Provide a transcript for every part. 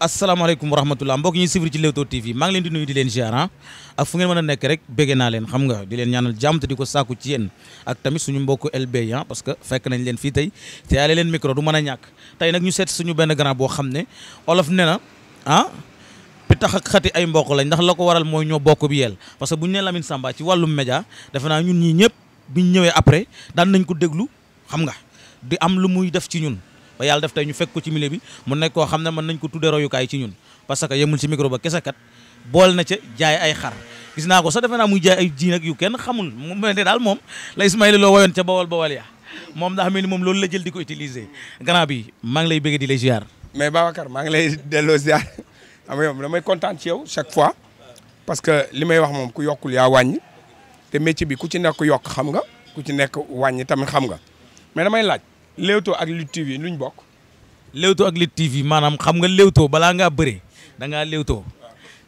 asalaamaaleykum wa rahmatulah mbokk ñi suivre ci Leewtoo TV maa ngi leen di nuyu di leen ziar ak ah, fu ngeen mën a nekk rek béggee naa leen xam nga di leen ñaanal jàmm di ko sàkku ci yéen ak tamit suñu mbokk LB yi ah, parce que fekk nañ leen fii tey te yaale leen micro du mën a ñàkk tey nag ñu seet suñu benn grand boo xam ne olof ne na ah bi tax ak xati ay mbokk lañ ndax la ko waral mooy ñoo bokk bi yel parce que bu ñu nee Lamine Samba ci wàllum média defe naa ñun ñii ñëpp bu ñu ñëwee après daan nañ ko déglu xam nga di am lu muy def ci ñun ba yàlla def tey ñu fekk ko ci milieu bi mu nekkoo xam ne mën nañ ko tuddee royukaay ci ñun parce que yemul ci micro ba kese kat bool na ca jaay ay xar gis naa ko sa defe naa muy jaay ay jiin ak yu kenn xamul mu mel ne daal moom la Ismaïla loo woyoon ca bawal bawal ya moom daa xam ne moom loolu la jël di ko utiliser grand bi maa ngi lay bëgg di lay ziar. mais Babacar maa ngi lay delloo ziar xam nga yow damay kontaan ci yow chaque fois parce que li may wax moom ku yokkul yaa wàññi te métier bi ku ci nekk yokk xam nga ku ci nekk wàññi tamit xam nga mais damay laaj Leewtoo ak Lutte TV luñ bokk. Leewtoo ak Lutte TV maanaam xam nga Leewtoo balaa ngaa bëree da ngaa Leewtoo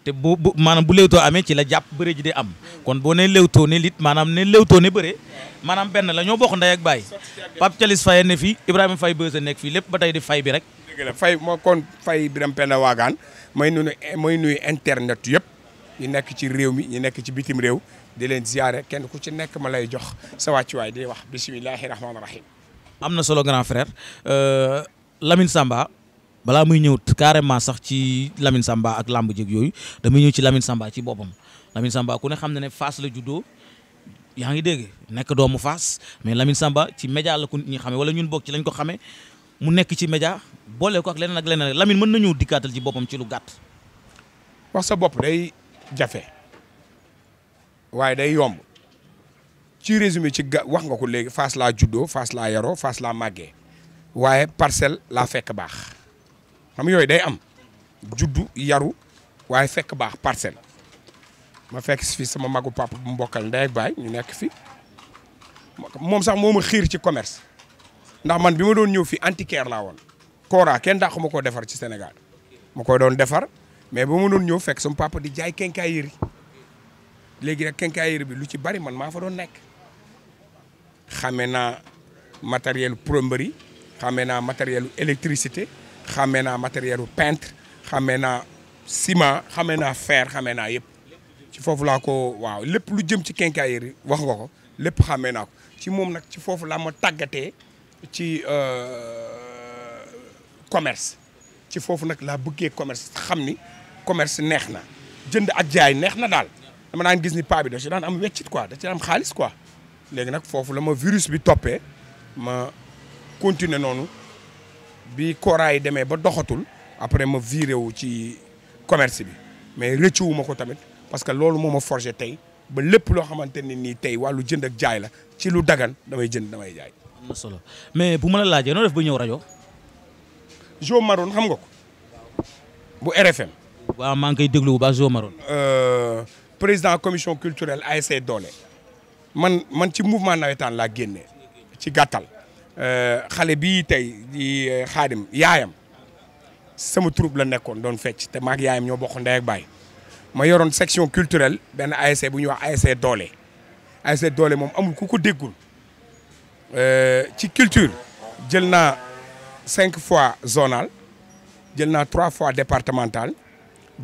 te boo bu maanaam bu Leewtoo amee ci la jàpp bëre ji di am kon boo ne Leewtoo ne lit maanaam ne Leewtoo ne bëree maanaam benn la ñoo bokk ndey ak baay Pape Thialis Faye ne fii Ibrahima Faye sa nekk fii lépp ba tey di fay bi rek. dëgg la fay moo kon fay Birame Penda Waagaan may nuyu may nuyu internet yëpp ñi nekk ci réew mi ñu nekk ci bitim réew di leen ziare kenn ku ci nekk ma lay jox sa wàccuwaay di wax bisimilahi rahmaani rahim. am na solo grand frère euh, lamin Samba balaa muy ñëw carrément sax ci Lamine Samba ak làmb jëg yooyu damay ñëw ci Lamine Samba ci boppam Lamine Samba ku ne xam na ne faas la juddoo yaa ngi dégg nekk doomu Fass mais Lamine Samba ci média la ku ñi xamee wala ñun bokk ci lañ ko xamee mu nekk ci média boole ko ak leneen ak leneen Lamine mën nañu dikkaatal ci boppam ci lu gàtt. wax sa bopp day jafe waaye day yomb. ci résumé ci ga wax nga ko léegi Fass laa juddoo Fass laa yaroo Fass laa màggee waaye parcelle laa fekk baax xam yooyu day am juddu yaru waaye fekk baax parcelle ma fekk fi sama magu papa bu mbokkal ndey ak baay ñu nekk fi moom sax moo ma xiir ci commerce ndax man bi ma doon ñëw fi antiquaire laa woon Kora kenn dàqu ma koo defar ci Sénégal ma koy doon defar mais ba ma doon ñëw fekk sama papa di jaay kenkaayeri léegi nag kenkaayeri bi lu ci bari man maa fa doon nekk xamee naa matériel plomberie xamee naa matériel électricité xamee naa matériel peintre xamee naa ciment xamee naa fer xamee naa yëpp ci foofu laa ko waaw lépp lu jëm ci quincaillerie wax nga ko lépp xamee naa ko ci moom nag ci foofu laa ma tàggatee ci euh, commerce ci foofu nag laa bëggee commerce xam ni commerce neex na jënd ak jaay neex na daal dama naa gis ni paa bi da ci daan am weccit quoi da ci daan am xaalis quoi léegi nag foofu la ma virus bi toppee ma continuer noonu bi kooraay demee ba doxatul après ma viré wu ci commerce bi mais rëccuwu ma ko tamit parce que loolu moo ma forgé tey ba lépp loo xamante ne nii tey wàllu jënd ak jaay la ci lu dagan damay jënd damay jaay. solo mais bu ma la laajee noo def ba ñëw rajo. Jo Maroon xam nga ko. bu RFM. waaw maa ngi koy déglu bu baax Jo Maroon. Euh, président commission culturelle ASC Doole. man man ci mouvement nawetaan laa génne ci gàttal euh, xale bi tey di euh, xaadim yaayam sama troupe la nekkoon doon fecc te maak yaayam ñoo bokk ndey ak baay ma yoroon section culturelle benn ASC bu ñuy wax ASC doole ASC doole moom amul ku ko déggul euh, ci culture jël naa cinq fois zonal jël naa trois fois départemental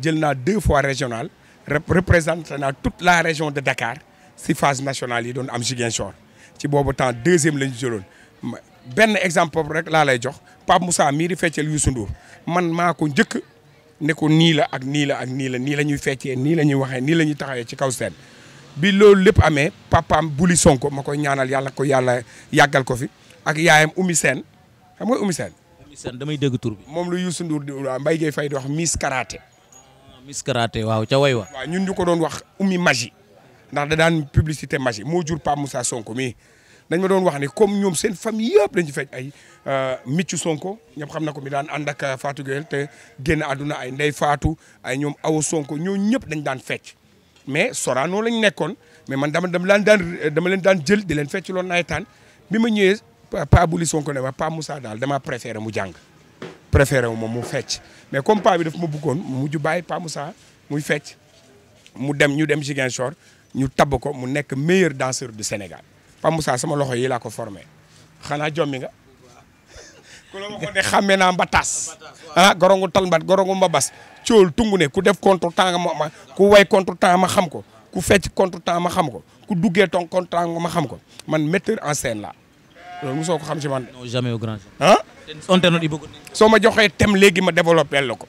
jël naa deux fois régional représenté naa toute la région de Dakar si phase nationale yi doon am Ziguinchor ci boobu temps deuxième la ñu jëloon benn exemple rek laa lay jox Pape Moussa mii di fecceel Youssou Ndour man maa ko njëkk ne nii la ak nii la ak nii la nii la ñuy feccee nii la ñuy waxee nii la ñuy taxawee ci kaw seen bi loolu lépp amee papaam Buli Sonko ma koy ñaanal yàlla ko yàlla yàggal ko fi ak yaayam Oumy Sène xam nga Oumy seen damay dégg tour bi. moom lu Youssou Ndour di waaw Mbaye Gueye Faye di wax Miss Karaté. Miss waaw ca wa. waaw ndax da daan publicité magique moo jur Pape Sonko mii dañ ma doon wax ni comme ñoom seen famille yëpp dañ ci fekk ay euh, Miccu Sonko ñëpp xam na ko mi daan ànd ak euh, Fatou génn àdduna ay Ndey Fatou ay ñoom Awa Sonko ñoo ñëpp dañ daan fecc mais Sorano lañ nekkoon mais man dama dama daan daan dama leen daan jël di leen loon nawetaan bi ma ñëwee Pa Sonko ne ma Pa Moussa daal dama préféré mu jàng préféré wu ma mu fecc mais comme pa bi daf ma bëggoon mujj bàyyi Pa Moussa muy fecc mu dem ñu dem Ziguinchor ñu tab ko mu nekk meilleur danseur du Sénégal Pa Moussa sama loxo yi laa ko formé xanaa jommi nga ku la waxoon ne xàmmee naa mbataas ah gorongu talmbat gorongu mbabas cool tungu ne ku def contre temps ma ma ku way contre temps ma xam ko ku fecc contre temps ma xam ko ku duggee ton contre temps ma xam ko man metteur en scène la loolu mosoo ko xam ci man. non jamais au grand ah. soo ma joxee thème léegi ma développé la ko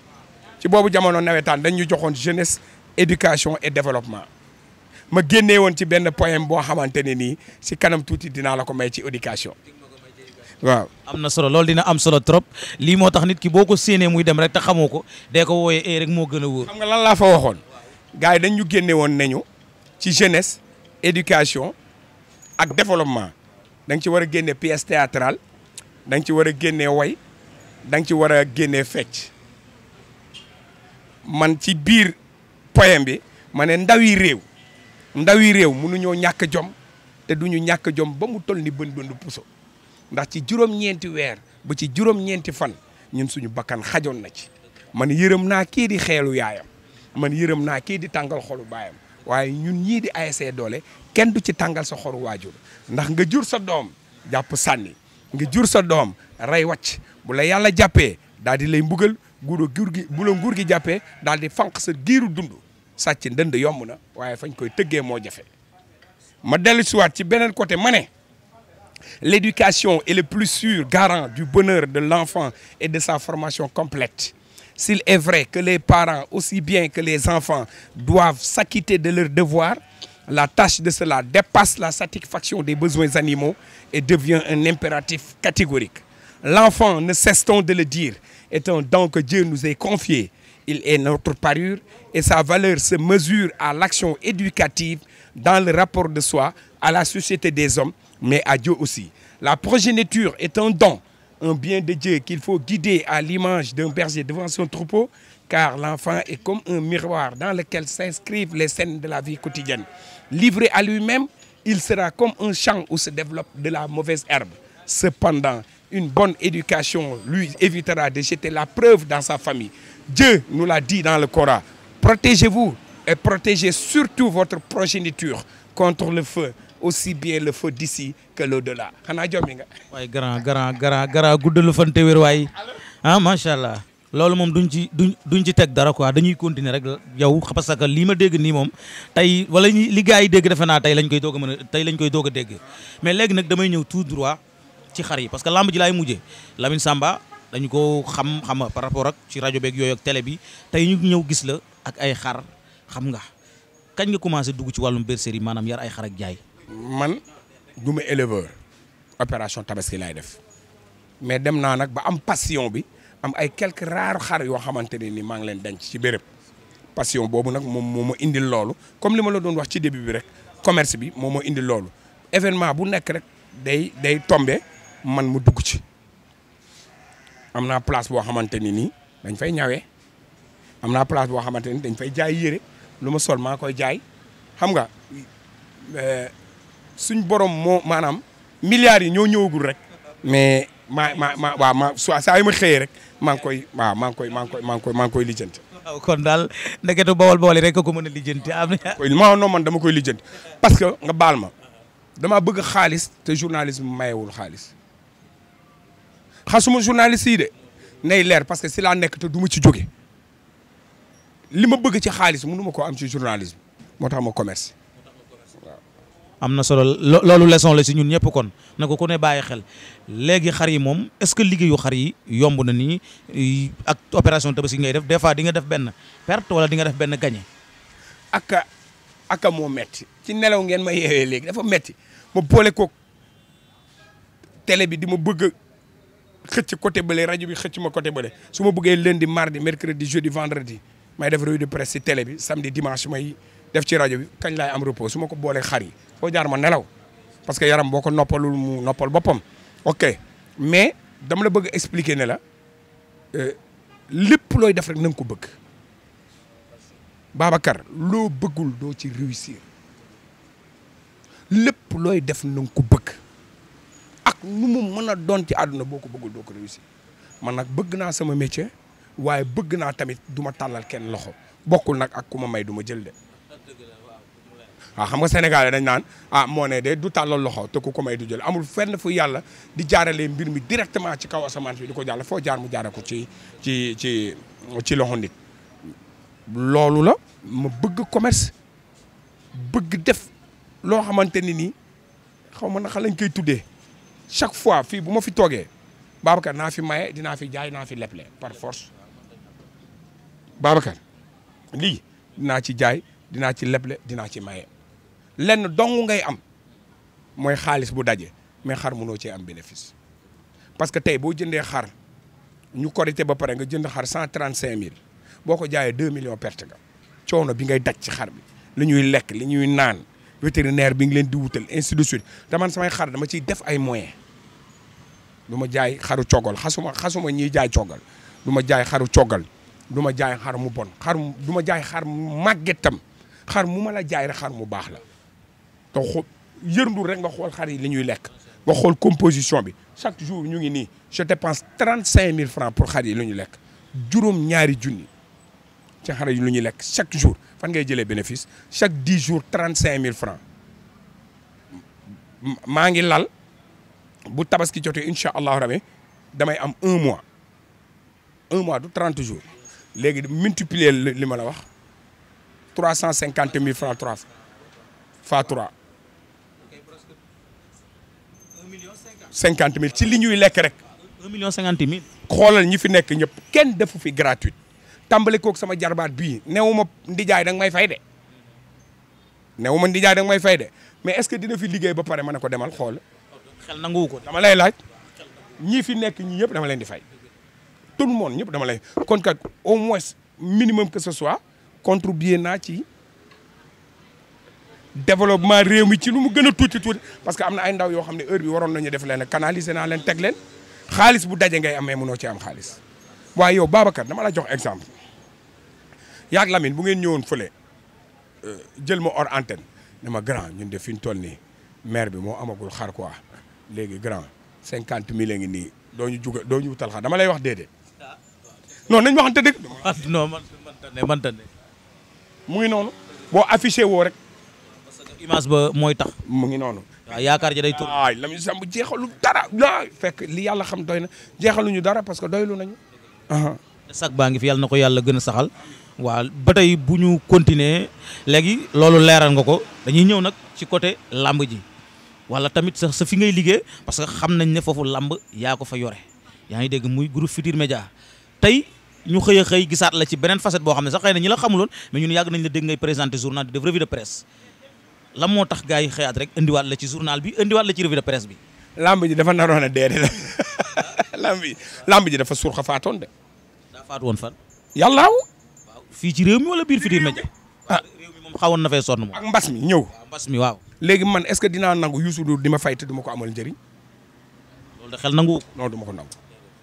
ci boobu jamono nawetaan dañu ñu joxoon jeunesse éducation et développement. ma génnee woon ci benn poème boo xamante ne nii si kanam tuuti dinaa la ko may ci éducation waaw. am na solo loolu dina am solo trop lii moo tax nit ki boo ko séenee muy dem rek te xamoo ko dee ko wooyee ee eh rek moo gën a wóor. xam nga lan laa fa waxoon gars yi dañ ñu génne woon nañu ci jeunesse éducation ak développement da ci war a génne pièce théâtrale da nga ci war a génne woy da ci war a génne fecc man ci biir poème bi ma ne ndawi réew. ndawi réew mënuñoo ñàkk jom te duñu ñàkk jom ba mu toll ni bën bëndu puso ndax ci juróom-ñeenti weer bu ci juróom-ñeenti fan ñun suñu bakkan xajoon na ci man yërëm naa kii di xeelu yaayam man yërëm naa kii di tàngal xolu baayam waaye ñun ñii di ASC e doole kenn du ci tàngal sa xolu waajur ndax nga jur sa doom jàpp sànni nga jur sa doom rey wacc bu la yàlla jàppee daal di lay mbugal guro gi bu la nguur gi jàppee daal di fànq sa giiru dund sàcc ndënd yomb na waaye fañ koy tëggee moo jafe ma dellu siwaat ci beneen côté ma ne l'éducation est le plus sûr garant du bonheur de l'enfant et de sa formation complète s'il est vrai que les parents aussi bien que les enfants doivent s'acquitter de leurs devoirs la tache de cela dépasse la satisfaction des besoins animaux et devient un impératif catégorique l'enfant ne cesse t de le dire est un don que Dieu nous ait confié Il est notre parure et sa valeur se mesure à l'action éducative dans le rapport de soi, à la société des hommes, mais à Dieu aussi. La progéniture est un don, un bien de Dieu qu'il faut guider à l'image d'un berger devant son troupeau, car l'enfant est comme un miroir dans lequel s'inscrivent les scènes de la vie quotidienne. Livré à lui-même, il sera comme un champ où se développe de la mauvaise herbe. Cependant, une bonne éducation lui évitera de jeter la preuve dans sa famille. Dieu nous l'a dit dans le Coran. Protégez-vous et protégez surtout votre progéniture contre le feu, aussi bien le feu d'ici que l'au-delà. xanaa jommi nga. waaye grand grand grand grand guddalu fan te wér waaye ah macha allah loolu moom duñ ci duñ duñ ci teg dara quoi dañuy continuer rek yow parce que lii ma dégg nii moom tey wala li gars yi dégg defe naa tey lañ koy doog a mën a tey lañ koy doog a dégg mais léegi nag damay ñëw tout droit ci xar yi parce que lamb ji laay mujjee Lamine Samba. dañu ko xam xam par rapport ak ci rajo beeg yooyu ak télé bi tey ñu ñëw gis la ak ay xar xam nga kañ nga commencé dugg ci wàllum bergerie maanaam yar ay xar ak jaay. man du ma éleveur opération tabaski laay def mais dem naa nag ba am passion bi am ay quelques rares xar yoo xamante ne ni maa ngi leen denc ci béréb passion boobu nag moom moo ma indil loolu comme li ma la doon wax ci début bi rek commerce bi moo indi loolu événement bu nekk rek day day tombé man mu dugg ci. am naa place boo xamante ni nii dañ fay ñawee am naa place boo xamante ni dañ fay jaay yére lu ma sol maa koy jaay xam nga euh, suñ borom moo maanaam milliards yi ñëw ñëwagul rek mais maa ma ma waaw ma saa yu ma xëyee rek maa ngi koy waaw maa ngi koy maa koy maa ngi ngi koy lijjanti. waaw kon daal ndeketewul bawol bawol rek ko mën a lijjanti am na. koy ma non man dama koy lijjanti parce que nga baal ma damaa bëgg xaalis te journalisme mayewul xaalis. xasuma journaliste yi de nay leer parce que si laa nekk te du ma ci jóge li ma bëgg ci xaalis mënu ma koo am ci journalisme moo tax ma commerce am na solo loolu leçon la si ñun ñëpp kon na ko ku ne bàyyi xel léegi xar yi moom est-ce que liggéeyu xar yi yomb na nii ak opération tabaski ngay def des fois di nga def benn perte wala di nga def benn gagné. ak aka moo metti ci nelaw ngeen ma yeewee léegi dafa metti ma boole ko télé bi di ma bëgg. xëcc côté bële rajo bi xëcc ma côté bële su ma bëggee lundi mardi mercredi jeudi vendredi may def revue de presse ci télé bi samedi dimanche may def ci rajo bi kañ laay am repos su ma ko boolee xar yi foo jaar ma nelaw parce que yaram boo ko noppalul mu noppal boppam ok mais dama la bëgg expliquer ne la euh, lépp looy def rek ko bëgg loo bëggul doo ci réussir lépp looy def na ko bëgg ak mu mën a doon ci àdduna boo ko bëggul doo ko réussir man nag bëgg naa sama métier waaye bëgg naa tamit duma tàllal kenn loxo bokkul nag ak ku ma may du ma jël de. waaw ah, xam nga Sénégal dañ naan ah moo ne de du tàllal loxo te ku ko may du jël amul fenn fu yàlla di jaaralee mbir mi directement ci kaw asamaan fi di ko jàll foo jaar mu jaare ko ci ci ci ci loxo nit. loolu la ma bëgg commerce bëgg def loo xamante ni nii xaw ma naka lañ koy tuddee. chaque fois fii bu ma fi toogee Babacar naa fi maye dinaa fi jaay naa fi leble par force Babacar lii dinaa ci jaay dinaa ci leble dinaa ci maye lenn dong ngay am mooy xaalis bu daje mais xar mënoo cee am bénéfice parce que tey boo jëndee xar ñu korité ba pare nga jënd xar cent trente cinq mille boo ko jaayee deux millions perte nga coono bi ngay daj ci xar bi li ñuy lekk li ñuy naan vétérinaire bi ngi leen di wutal ainsi de suite te man samay xar dama ciy def ay moyens duma jaay xaru coggal xasuma xasuma ñiy jaay coggal du ma jaay xaru coggal du jaay xar mu bon xar du ma jaay xar mu màggetam xar mu ma la jaay rek xar mu baax la te xo yërndul rek nga xool xar yi li ñuy lekk nga xool composition bi chaque jour ñu ngi nii je dépense trente cinq mille francs pour xar yi li ñu lekk juróom ñaari junni ci xale yu lu ñuy lekk chaque jour fan ngay jëlee bénéfice chaque dix jours trente cinq mille francs maa ngi lal bu tabaski jotee incha allahu rabi damay am un mois un mois du trente jours léegi multiplier li ma la wax trois cent cinquante mille francs trois fois trois cinquante mille ci li ñuy lekk rek. un million cinquante xoolal ñi fi nekk ñëpp kenn defu fi gratuite. tàmbali kook sama jarbaat bii newu ma ndijaay da nga may fay de newu ma ndijaay da nga fay de mais est-ce que dina fi liggéey ba pare mën a ko demal xool. xel nanguwu ko dama lay laaj. ñii fi nekk ñi ñëpp dama leen di fay. tout le monde ñëpp dama lay kon kat au moins minimum que ce soit contribuer naa ci développement réew mi ci lu mu gën a tuuti tuuti parce que am na ay ndaw yoo xam ne heure bi waroon nañu def leen canaliser naa leen teg leen xaalis bu daje ngay amee noo ci am xaalis waaye yow Babacar dama la jox exemple. yaag Lamine bu ngeen ñëwoon fële euh, jël ma hors antenne ne ma grand ñun def fi ñu toll nii maire bi moo amagul xar quoi léegi grand cinquante mille a ngi nii doo ñu jugal doo ñu wutal xar dama lay wax déedéet noonu nañ wax dëgg. ah non man man tane mu ngi noonu boo affiché woo rek. parce que ba mooy tax. mu ngi noonu. waaw yaakaar ji day tur. waay Lamine Samb jeexalu dara. waaw fekk li yàlla xam doy na jeexaluñu dara parce que doylu nañu. te sag baa ngi fi yàlla na ko yàlla gën a saxal. waaw ba tey bu ñu continuer léegi loolu leeral nga ko dañuy ñëw nag ci côté làmb ji wala tamit sa sa fi ngay liggéey parce que xam nañ ne foofu làmb yaa ko fa yore yaa ngi dégg muy groupe Futurs Médias tey ñu xëy a xëy gisaat la ci beneen facette boo xam ne sax xëy na ñi la xamuloon mais ñun yàgg nañ la dégg ngay présenter journal di def revue de presse la moo tax gars yi xëyaat rek indiwaat la ci journal bi indiwaat la ci revue de presse bi. làmb ji dafa naroon a dee de làmb ji làmb ji dafa suur de. daa faatu fii ci réew mi wala biir Futurs Médias ah réew mi moom xawoon na fee sonn moom. ak mbas mi ñëw ah, mbas mi waaw. léegi man est-ce que dinaa nangu Youssou Ndour di ma fay te du ma ko amal njëriñ. loolu da xel nangu. non du ma ko nangu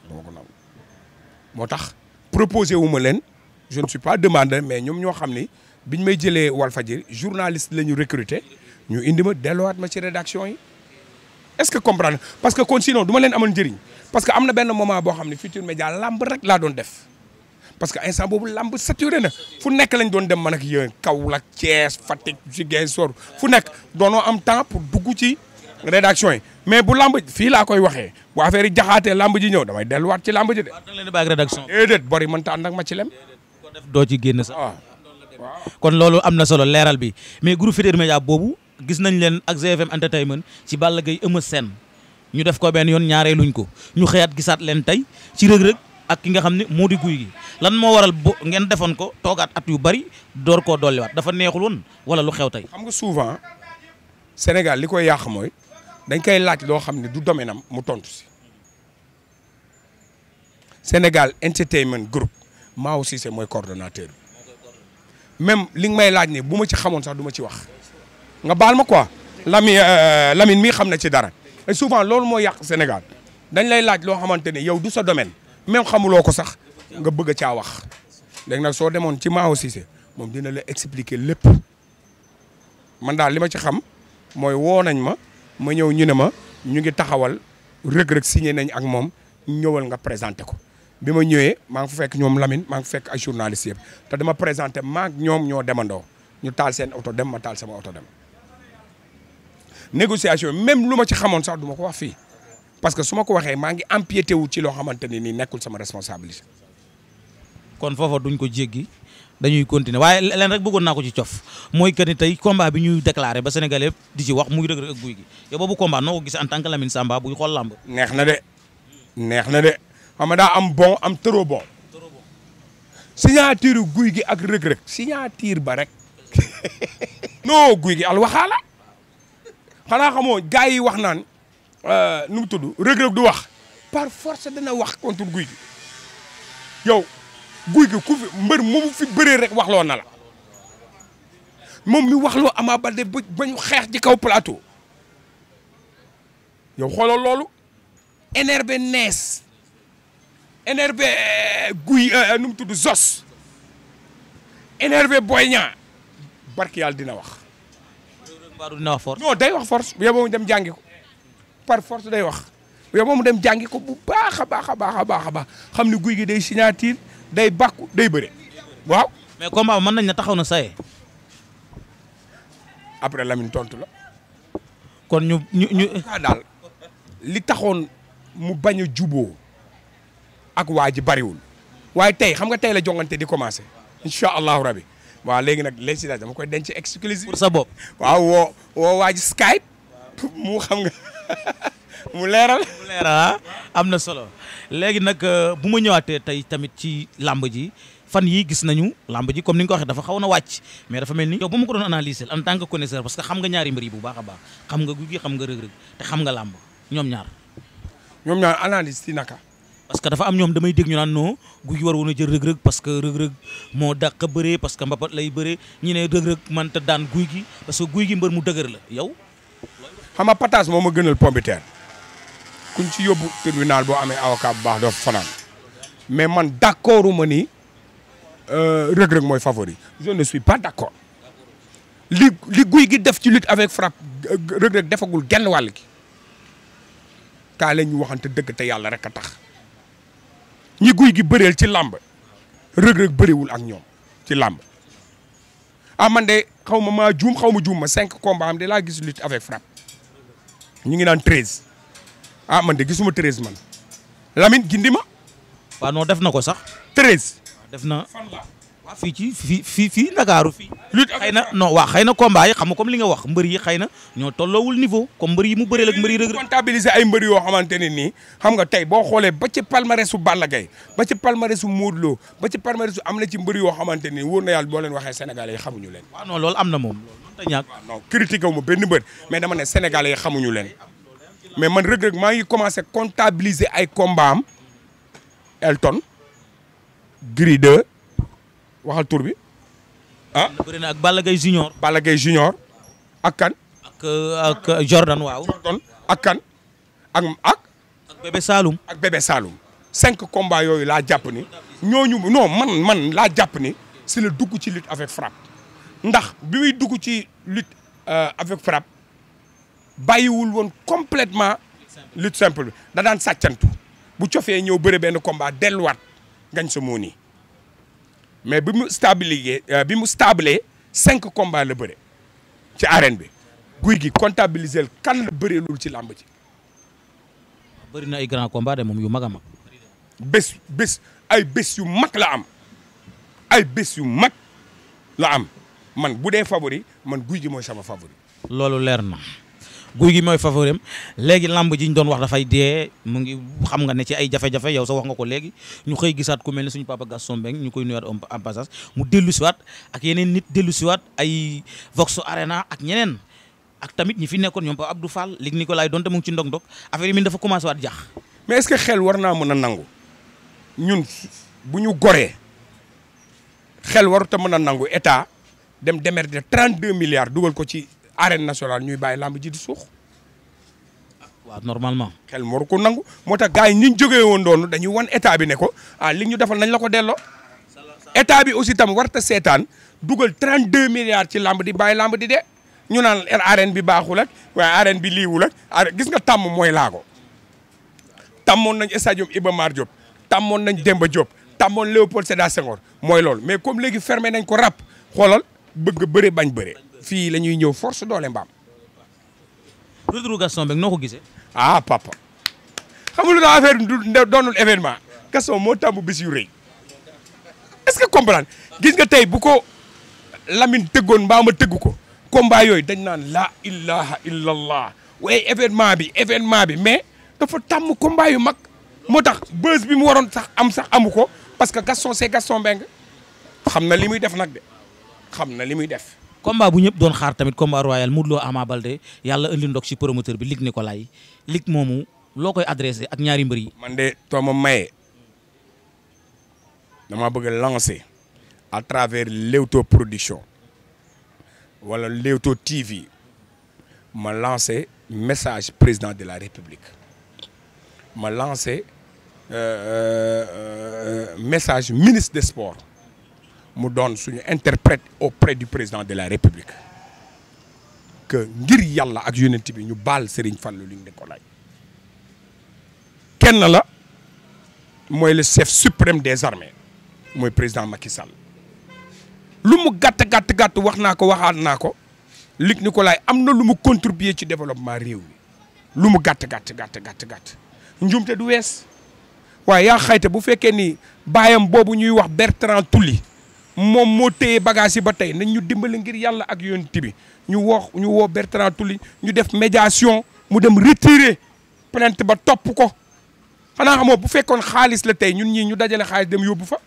du ma ko nangu moo tax proposé wu ma leen je ne suis pas demandeur mais ñoom ñoo xam ni biñ may jëlee Walfadjri journaliste la ñu recruter ñu indi ma delluwaat ma ci rédaction yi est-ce que comprendre parce que kon sinon du ma leen amal njëriñ parce que am na benn moment boo xam ne Futurs Médias lamb rek laa doon def. parce que instant boobu lamb saturé na fu nekk lañ doon dem man ak yéen Kaolack Thiès Fatick Ziguinchor fu nekk doonoo am temps pour dugg ci rédaction yi mais bu lamb fii laa koy waxee bu affaire yi jaxaatee lamb ji ñëw damay delluwaat ci lamb ji de. déedéet bori mënta ànd ak ma ci lem. doo ci génn sax. Ah. kon loolu am na solo leeral bi mais groupe Futurs Médias boobu gis nañ leen ak GFM Entertainment ci Balla Gaye Eumeu seen ñu def ko benn yoon ñaareeluñ ko ñu xëyaat gisaat leen tey ci Reug Reug ak ki nga xam ne moo di guy gi lan moo waral bu ngeen defoon ko toogaat at yu bari door koo dolliwaat dafa neexul woon wala lu xew tey. xam nga souvent Sénégal li koy yàq mooy dañ koy laaj loo xam ne du domaine am mu tontu si Sénégal Entertainment Group Maaw Cissé mooy coordonnateur bi même li nga may laaj ne bu ma ci xamoon sax du ma ci wax nga baal ma quoi Lamine euh, Lamine mii xam na ci dara et souvent loolu mooy yàq Sénégal dañ lay laaj loo xamante ne yow du sa domaine. même xamuloo ko sax nga bëgg a caa wax léegi nag soo demoon ci Maawo Cissé moom dina la expliquer lépp man daal li ma ci xam mooy woo nañ ma ma ñëw ñu ne ma ñu ngi taxawal rëg-rëg signé nañ ak moom ñëwal nga présenté ko bi ma ñëwee maa ngi fekk ñoom Lamine maa ngi fekk a journaliste yëpp te dama présenté maak ñoom ñoo demandoo ñu taal seen oto dem ma taal sama oto dem négociation même lu ma ci xamoon sax duma ko wax fii parce que su ma ko waxee maa ngi empiété wu ci loo xamante ni nii nekkul sama responsabilité. kon foofa duñ ko jéggi dañuy continuer waaye leen rek bëggoon naa ko ci cof mooy que ni tey combat bi ñuy déclaré ba Sénégal yëpp di ci wax muy Reug Reug ak Gouye Gui yow boobu ko gisee en tant que Lamine Samba buy xool làmb neex na de neex na de xam nga daa am bon am trop bon. signature Gouye Gui ak Reug Reug signature ba rek non Gouye Gui al waxaala xanaa xamoo gars yi naan. Euh, nu mu tudd Reug du wax par force dina wax contre guy gi yow guy gi ku fi mbër moomu fi bëree rek waxloo na la moom mi waxloo Ama Baldé ba ñu xeex ci kaw plateau yow xoolal loolu énervé nees énervé euh, guy euh, nu tudd zos énervé boy ñaa barki yàlla dina wax. dina wax force. non day wax force bu yeboo dem jàngi ko. par force day wax yow moom dem jàngi ko bu baax a baax a baax a baax a baax xam ne guy gi day signature day bàkku day bëre waaw. mais combat mën nañ na taxaw na saye après Lamine tontu la. kon ñu ñu ñu. daal li taxoon mu bañ a juboo ak waa ji bariwul waaye tey xam nga tey la jongante di commencé incha allahu rabi waaw léegi nag les dama koy denc exclusive pour sa bopp waaw woo woo waa ji Skype mu xam nga. mu leeral mu leeral ah. am na solo léegi nag euh, bu ma ñëwaatee tey tamit ci làmb ji fan yii gis nañu làmb ji comme ni nga ko waxee dafa xawoon a wàcc mais dafa mel ni yow ba ma ko doon analyser en tant que connaisseur parce que xam nga ñaari mbir yi bu baax a baax xam nga Gouye Gui xam nga Reug Reug te xam nga làmb ñoom ñaar ñoom ñaar analyse ci naka parce que dafa am ñoom damay dégg ñu naan non Gouye a jël Reug Reug parce que Reug moo dàq bëree parce que mbapat lay bëree ñi ne Reug manta daan guy gi parce que guy gi mbër mu dëgër la yow xam nga pataas moom a gënal pombiteer kuñ ci yóbbu tribunal boo amee avocat bu baax doo fanaan mais man d' accordu ma ni euh, rëg-rëg mooy favori je ne suis pas d' accord li li guy gi def ci lutte avec frappe rëg-rëg defagul genn wàll gi kaa la ñu waxante dëgg te yàlla rek a tax ñi guy gi bëreel ci làmb rëg-rëg bëriwul ak ñoom ci làmb ah man de xaw ma maa juum xaw ma juum ma cinq combat am de laa gis lutte avec frappe ñu ngi naan treize ah man de gisuma treize man lamin gindi ma. waaw non def na ko sax. treize. def na waaw fii ci fii fii fii Ndakaaru fii. lutte xëy na non waa xëy na combat yi li nga wax mbër yi xëy na ñoo tolloowul niveau comme mbër yi mu bëreel ak mbër yi rëg comptabiliser ay mbër yoo xamante ne nii xam nga tey boo xoolee ba ci palmarèsu Balla Gaye ba ci palmarèsu Modou Lo ba ci palmarèsu am na ci mbër yoo xamante nii wóor na yàlla boo leen waxee Sénégalais yi xamuñu leen. waaw non loolu am na moom. ñàkk non critiqué benn mbër mais dama ne sénégalais yi xamuñu leen mais man Reug Reug maa ngi commencé comptabiliser ay combat am Elton Gris 2 waxal tur bi ah. bëri na ak Balla Gaye junior. Balla Gaye junior ak kan. ak ak Jordan waaw. Jordan ak kan ak ak. ak cinq combat yooyu laa jàpp ni ñooñu non man man laa jàpp ni c'est le dugg ci lutte avec frappe. ndax bi muy dugg ci lutte euh, avec frappe bàyyiwul woon completement lutte simple bi da daan sàccantu bu cofee ñëw bëre benn combat delluwaat gañ sa moon mais bi mu stabilisé euh, bi mu cinq combats la bëre ci arène bi guy gi comptabiliser kan la bëree ci làmb ci bëri na ay grand combat de moom yu mag a mag bés bés ay bés yu mag la am ay bés yu mag la am man bu dee favori man guy gi mooy sama favori. loolu leer na guy gi mooy favori am léegi lamb ji ñu doon wax dafay dee mu ngi xam nga ne ci ay jafe-jafe yow sa wax nga ko léegi ñu xëy gisaat ku mel ne suñu papa Gaston Mbengue ñu koy nuyuwaat en passage mu dellu siwaat ak yeneen nit dellu siwaat ay Vox Arena ak ñeneen ak tamit ñi fi nekkoon ñoom pa Abdou Fall léegi Nicolas donte mu ngi ci ndog-ndog affaire yi min dafa commencé waat jax mais est-ce que xel war naa mën a nangu bu ñu goree xel warut mën a nangu état dem trent 32 milliards dugal ko ci arène nationale ñuy bàyyi lamb ji di suux. waaw normalement. xel moor ko nangu moo tax gars yi ñu jógee woon doonu dañuy wan état bi ne ko ah li ñu defal nañ la ko delloo. état bi aussi tam warta seetaan dugal trent 32 milliards ci lamb di bàyyi lamb di de ñu naan er, arène bi baaxul ak waaye arène bi liiwul ak gis nga tàmm mooy laago tàmmoon nañ stade Iba Mar Diop tàmmoon nañ Demba Diop tàmmoon Léopold Sédar Senghor mooy lool mais comme léegi fermé nañ ko rab xoolal. bëgg bëre bañ bëre fii la ñuy ñëw force doole mbaam. retour Gaston beeg noo ko gisee. ah papa xam lu tax affaire du doonul événement Gaston moo tàmbu bis yu rëy est-ce que comprendre gis nga tey bu ko Lamine tëggoon mbaa ma tëgg ko combat yooyu dañ naan la ilaha illallah waaye événement bi événement bi mais dafa tàmm combat yu mag moo tax buzz bi mu waroon sax am sax amu ko parce que Gaston c'est Gaston Mbengue xam na li muy def nag de. xam na li muy def. combat bu ñëpp doon xaar tamit combat royal Modou Lo Ama Baldé yàlla indi ndog ci promoteur bi Luc Nicolaï Luc moomu loo koy adressé ak ñaari mbër yi. man de too ma maye dama bëgg lancer à travers Leewtoo production wala Leewtoo TV ma lancer message président de la République ma lancer euh, euh, euh, message ministre de sports. mu doon suñu au auprès du président de la république que ngir yàlla ak yonent bi ñu baal Serigne Fallou li ñu ko kenn la mooy le chef suprême des armées mooy président Macky Sall lu mu gàtt gàtt gàtt wax naa ko waxaat naa ko Luc Nicolaï am na lu mu contribuer ci développement réew mi lu mu gàtt gàtt gàtt gàtt gàtt njuumte du wees waaye yaa xayte bu fekkee ni baayam boobu ñuy wax Bertrand Tulli moom moo téye bagage yi ba tey nañ ñu dimbali ngir yàlla ak yonent bi ñu woo ñu woo Bertrand Tulli ñu def médiation mu dem retirer plainte ba topp ko xanaa xamoo bu fekkoon xaalis la tey ñun ñii ñu dajale xaalis dem yóbbu fa.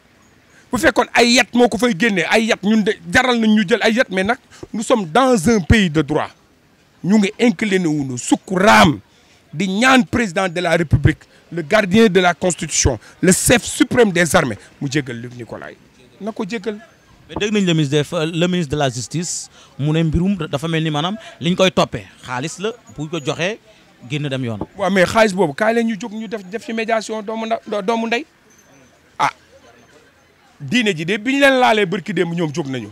bu fekkoon ay yat moo ko fay génnee ay yat ñun de jaral nañ ñu jël ay yat mais nag nous sommes dans un pays de droit ñu ngi incliné wuñu sukk raam di ñaan président de la république le gardien de la constitution le chef suprême des armées mu jégal Luc Nicolaï na ko jéggal mais dégg nañ le ministre le de la justice mu ne mbirum dafa mel ni maanaam liñ koy toppee xaalis la bu ko joxee génn dem yoon. waaw mais xaalis boobu kaay leen ñu jóg ñu def def ci médiation doomu nda doomu ndey ah diine ji de bi ñu leen laalee barki démb ñoom jóg nañu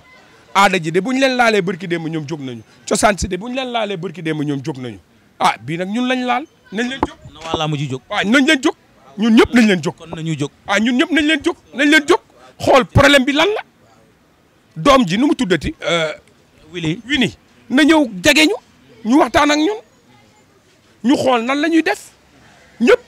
aada ji de bu ñu leen laalee barki démb ñoom jóg nañu cosaan si de bu ñu leen laalee barki démb ñoom jóg nañu ah bii nag ñun lañ laal nañ leen jóg. na waa laa mujj jóg. waaw ah, nañ leen jóg ñun ñëpp nañ leen jóg. kon nañu jóg. ah ñun ñëpp nañ leen jóg nañ leen jóg. xool problème bi lan la doom ji nu mu tuddati. Euh, wili wini na ñëw jege ñu ñu waxtaan ak ñun ñu xool nan la ñuy def ñëpp